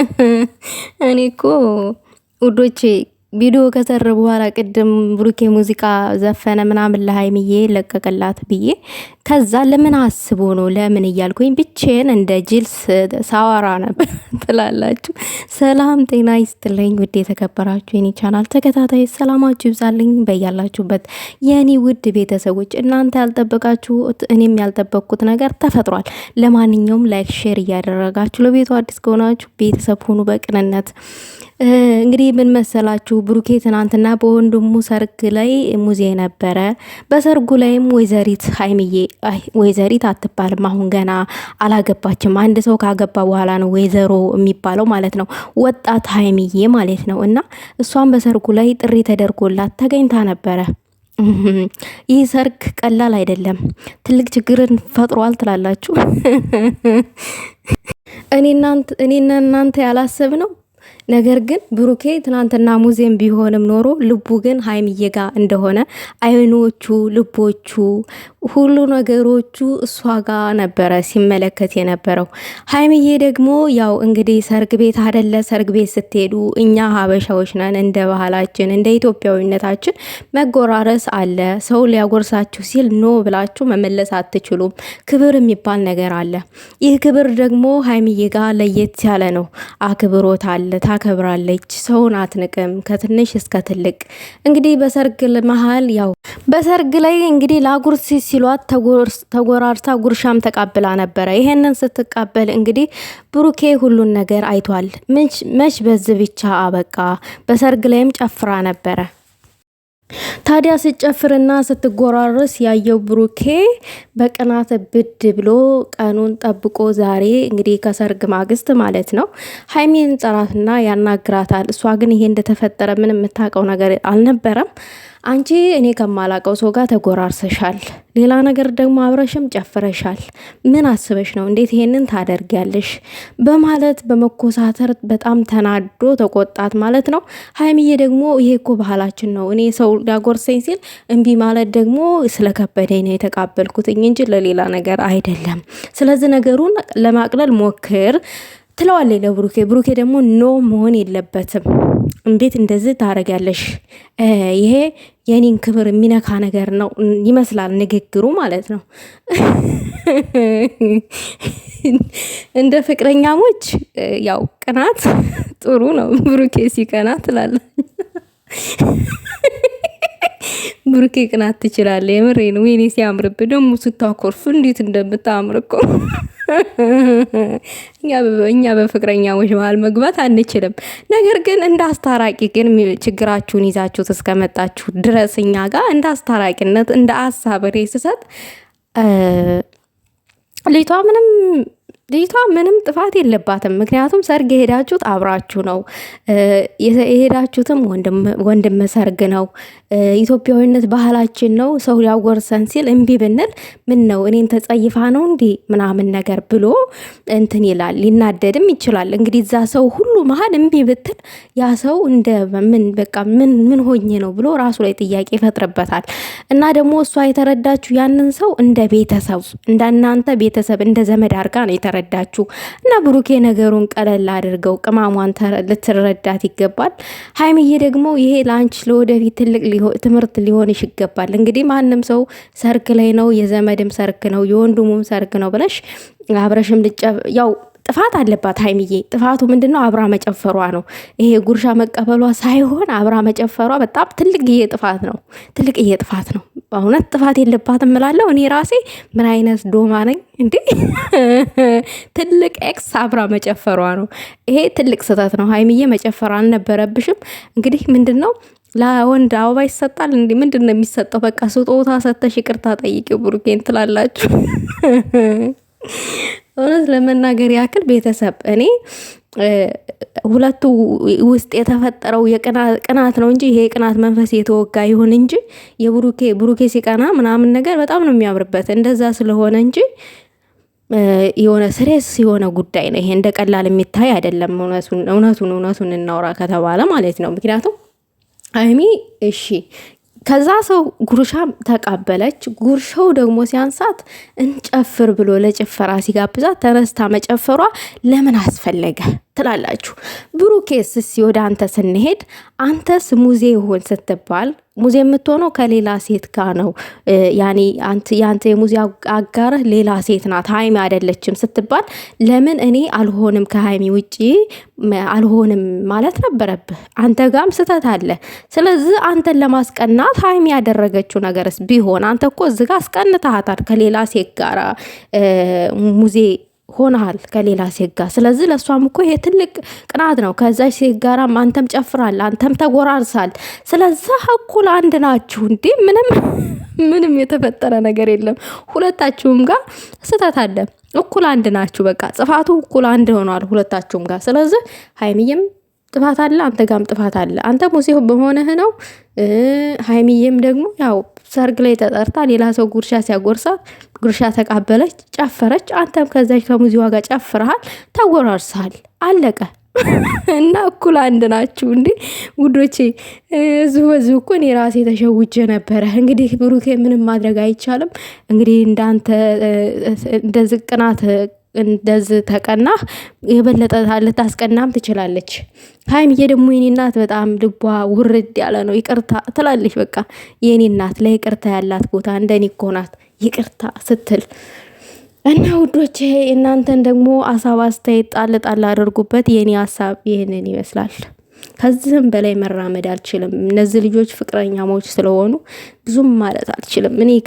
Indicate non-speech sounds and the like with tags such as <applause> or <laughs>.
<laughs> እኔ እኮ ውዶቼ ቪዲዮ ከሰር በኋላ ቅድም ብሩኬ ሙዚቃ ዘፈነ ምናምን ለሀይምዬ ለቀቀላት ብዬ ከዛ ለምን አስቦ ነው ለምን እያልኩኝ ብቼን እንደ ጅል ሳዋራ ነበር <laughs> ትላላችሁ። ሰላም ጤና ይስጥልኝ ውድ የተከበራችሁ የኔ ቻናል ተከታታይ ሰላማችሁ ይብዛልኝ በያላችሁበት የኔ ውድ ቤተሰቦች። እናንተ ያልጠበቃችሁት እኔም ያልጠበቅኩት ነገር ተፈጥሯል። ለማንኛውም ላይክ፣ ሼር እያደረጋችሁ ለቤቱ አዲስ ከሆናችሁ ቤተሰብ ሆኑ በቅንነት እንግዲህ ምን መሰላችሁ ብሩኬ ትናንትና በወንድሙ ሰርግ ላይ ሙዜ ነበረ። በሰርጉ ላይም ወይዘሪት ሀይምዬ ወይዘሪት አትባልም፣ አሁን ገና አላገባችም። አንድ ሰው ካገባ በኋላ ነው ወይዘሮ የሚባለው ማለት ነው። ወጣት ሀይምዬ ማለት ነው። እና እሷም በሰርጉ ላይ ጥሪ ተደርጎላት ተገኝታ ነበረ። ይህ ሰርግ ቀላል አይደለም፣ ትልቅ ችግርን ፈጥሯል ትላላችሁ። እኔና እናንተ ያላሰብ ነው ነገር ግን ብሩኬ ትናንትና ሙዚየም ቢሆንም ኖሮ ልቡ ግን ሀይሚዬ ጋ እንደሆነ አይኖቹ ልቦቹ ሁሉ ነገሮቹ እሷ ጋር ነበረ ሲመለከት የነበረው። ሀይምዬ ደግሞ ያው እንግዲህ ሰርግ ቤት አደለ፣ ሰርግ ቤት ስትሄዱ እኛ ሀበሻዎች ነን፣ እንደ ባህላችን እንደ ኢትዮጵያዊነታችን መጎራረስ አለ። ሰው ሊያጎርሳችሁ ሲል ኖ ብላችሁ መመለስ አትችሉም። ክብር የሚባል ነገር አለ። ይህ ክብር ደግሞ ሀይምዬ ጋር ለየት ያለ ነው። አክብሮት አለ፣ ታከብራለች፣ ሰውን አትንቅም፣ ከትንሽ እስከ ትልቅ። እንግዲህ በሰርግ መሀል ያው በሰርግ ላይ እንግዲህ ላጉርስ ሲሏት ተጎራርታ ጉርሻም ተቃብላ ነበረ። ይሄንን ስትቃበል እንግዲህ ብሩኬ ሁሉን ነገር አይቷል። መች በዝ ብቻ አበቃ። በሰርግ ላይም ጨፍራ ነበረ። ታዲያ ስጨፍርና ስትጎራርስ ያየው ብሩኬ በቅናት ብድ ብሎ ቀኑን ጠብቆ ዛሬ እንግዲህ ከሰርግ ማግስት ማለት ነው ሀይሚን ጠራትና ያናግራታል። እሷ ግን ይሄ እንደተፈጠረ ምን የምታውቀው ነገር አልነበረም። አንቺ እኔ ከማላቀው ሰው ጋር ተጎራርሰሻል፣ ሌላ ነገር ደግሞ አብረሽም ጨፍረሻል። ምን አስበሽ ነው? እንዴት ይሄንን ታደርጊያለሽ? በማለት በመኮሳተር በጣም ተናዶ ተቆጣት ማለት ነው። ሀይሚዬ ደግሞ ይሄ እኮ ባህላችን ነው፣ እኔ ሰው ሊያጎርሰኝ ሲል እምቢ ማለት ደግሞ ስለከበደኝ ነው የተቃበልኩትኝ እንጂ ለሌላ ነገር አይደለም። ስለዚህ ነገሩን ለማቅለል ሞክር ትለዋለች ለብሩኬ። ብሩኬ ደግሞ ኖ መሆን የለበትም እንዴት እንደዚህ ታደርጊያለሽ? ይሄ የኔን ክብር የሚነካ ነገር ነው ይመስላል ንግግሩ ማለት ነው። እንደ ፍቅረኛሞች ያው ቅናት ጥሩ ነው። ብሩኬ ሲቀና ትላለች። ብሩኬ ቅናት ትችላለ። የምሬ ነው። ወይኔ ሲያምርብ ደግሞ ስታኮርፍ እንዴት እንደምታምር እኮ እኛ በፍቅረኛሞች መሃል መግባት አንችልም። ነገር ግን እንደ አስታራቂ ግን ችግራችሁን ይዛችሁት እስከመጣችሁ ድረስ እኛ ጋር እንደ አስታራቂነት እንደ አሳብ ስሰጥ ልጅቷ ምንም ልጅቷ ምንም ጥፋት የለባትም። ምክንያቱም ሰርግ የሄዳችሁት አብራችሁ ነው የሄዳችሁትም ወንድም ሰርግ ነው። ኢትዮጵያዊነት ባህላችን ነው። ሰው ሊያጎርሰን ሲል እምቢ ብንል ምን ነው እኔን ተጸይፋ ነው እንዲህ ምናምን ነገር ብሎ እንትን ይላል፣ ሊናደድም ይችላል። እንግዲህ እዛ ሰው ሁሉ መሀል እምቢ ብትል ያ ሰው እንደ ምን በቃ ምን ምን ሆኜ ነው ብሎ ራሱ ላይ ጥያቄ ይፈጥርበታል። እና ደግሞ እሷ የተረዳችሁ ያንን ሰው እንደ ቤተሰብ እንዳናንተ ቤተሰብ እንደ ዘመድ አድርጋ ነው የተረ ተረዳችሁ እና ብሩኬ ነገሩን ቀለል አድርገው ቅማሟን ልትረዳት ይገባል። ሀይምዬ ደግሞ ይሄ ለአንቺ ለወደፊት ትልቅ ትምህርት ሊሆንሽ ይገባል። እንግዲህ ማንም ሰው ሰርክ ላይ ነው፣ የዘመድም ሰርክ ነው፣ የወንድሙም ሰርክ ነው ብለሽ አብረሽም ልጨ ያው ጥፋት አለባት ሀይሚዬ። ጥፋቱ ምንድነው? አብራ መጨፈሯ ነው። ይሄ ጉርሻ መቀበሏ ሳይሆን አብራ መጨፈሯ በጣም ትልቅዬ ጥፋት ነው። ትልቅዬ ጥፋት ነው። በእውነት ጥፋት የለባት እላለሁ። እኔ ራሴ ምን አይነት ዶማ ነኝ እንዴ! <laughs> ትልቅ ኤክስ አብራ መጨፈሯ ነው። ይሄ ትልቅ ስህተት ነው። ሀይሚዬ መጨፈር አልነበረብሽም። እንግዲህ ምንድን ነው ለወንድ አበባ ይሰጣል እንዲ ምንድን ነው የሚሰጠው? በቃ ስጦታ ሰተሽ ይቅርታ ጠይቂ ብሩኬን ትላላችሁ። <laughs> እውነት ለመናገር ያክል ቤተሰብ እኔ ሁለቱ ውስጥ የተፈጠረው ቅናት ነው እንጂ ይሄ ቅናት መንፈስ የተወጋ ይሁን እንጂ የብሩኬ ብሩኬ ሲቀና ምናምን ነገር በጣም ነው የሚያምርበት። እንደዛ ስለሆነ እንጂ የሆነ ስሬስ የሆነ ጉዳይ ነው። ይሄ እንደ ቀላል የሚታይ አይደለም። እውነቱን እውነቱን እናውራ ከተባለ ማለት ነው። ምክንያቱም አይሚ እሺ ከዛ ሰው ጉርሻ ተቀበለች። ጉርሻው ደግሞ ሲያንሳት እንጨፍር ብሎ ለጭፈራ ሲጋብዛት ተነስታ መጨፈሯ ለምን አስፈለገ? ትላላችሁ። ብሩኬስ ወደ አንተ ስንሄድ አንተስ ሙዜ ሆን ስትባል ሙዜ የምትሆነው ከሌላ ሴት ጋር ነው። ያኔ የአንተ የሙዜ አጋርህ ሌላ ሴት ናት፣ ሀይሚ አይደለችም ስትባል ለምን እኔ አልሆንም ከሀይሚ ውጪ አልሆንም ማለት ነበረብህ። አንተ ጋም ስህተት አለ። ስለዚህ አንተን ለማስቀናት ሀይሚ ያደረገችው ነገርስ ቢሆን አንተ እኮ እዚህ አስቀንተሃታል ከሌላ ሴት ጋር ሙዜ ሆነሃል ከሌላ ሴት ጋር። ስለዚህ ለእሷም እኮ ይሄ ትልቅ ቅናት ነው። ከዛች ሴት ጋር አንተም ጨፍራል፣ አንተም ተጎራርሳል። ስለዛ እኩል አንድ ናችሁ እንዴ? ምንም <laughs> ምንም የተፈጠረ ነገር የለም። ሁለታችሁም ጋር ስህተት አለ። እኩል አንድ ናችሁ። በቃ ጽፋቱ እኩል አንድ ሆኗል ሁለታችሁም ጋር። ስለዚህ ሀይሚዬም ጥፋት አለ፣ አንተ ጋም ጥፋት አለ። አንተ ሙሴ በሆነህ ነው። ሀይሚዬም ደግሞ ያው ሰርግ ላይ ተጠርታ ሌላ ሰው ጉርሻ ሲያጎርሳት ጉርሻ ተቃበለች፣ ጨፈረች። አንተም ከዛች ከሙዚዋ ጋር ጨፍረሃል፣ ተጎራርሰሃል፣ አለቀ። <laughs> እና እኩል አንድ ናችሁ እንዴ ውዶቼ? እዚሁ በዚሁ እኮ እኔ ራሴ ተሸውጄ ነበረ። እንግዲህ ብሩኬ ምንም ማድረግ አይቻልም። እንግዲህ እንዳንተ እንደ ዝቅናት እንደዚህ ተቀና የበለጠ ልታስቀናም ትችላለች። ሀይሚዬ ደግሞ የኔ እናት በጣም ልቧ ውርድ ያለ ነው። ይቅርታ ትላለች። በቃ የኔ እናት ለይቅርታ ያላት ቦታ እንደኔ እኮ ናት። ይቅርታ ስትል እና ውዶቼ እናንተን ደግሞ አሳብ አስተያየት ጣል ጣል አድርጉበት። የኔ ሀሳብ ይህንን ይመስላል። ከዚህም በላይ መራመድ አልችልም። እነዚህ ልጆች ፍቅረኛሞች ስለሆኑ ብዙም ማለት አልችልም እኔ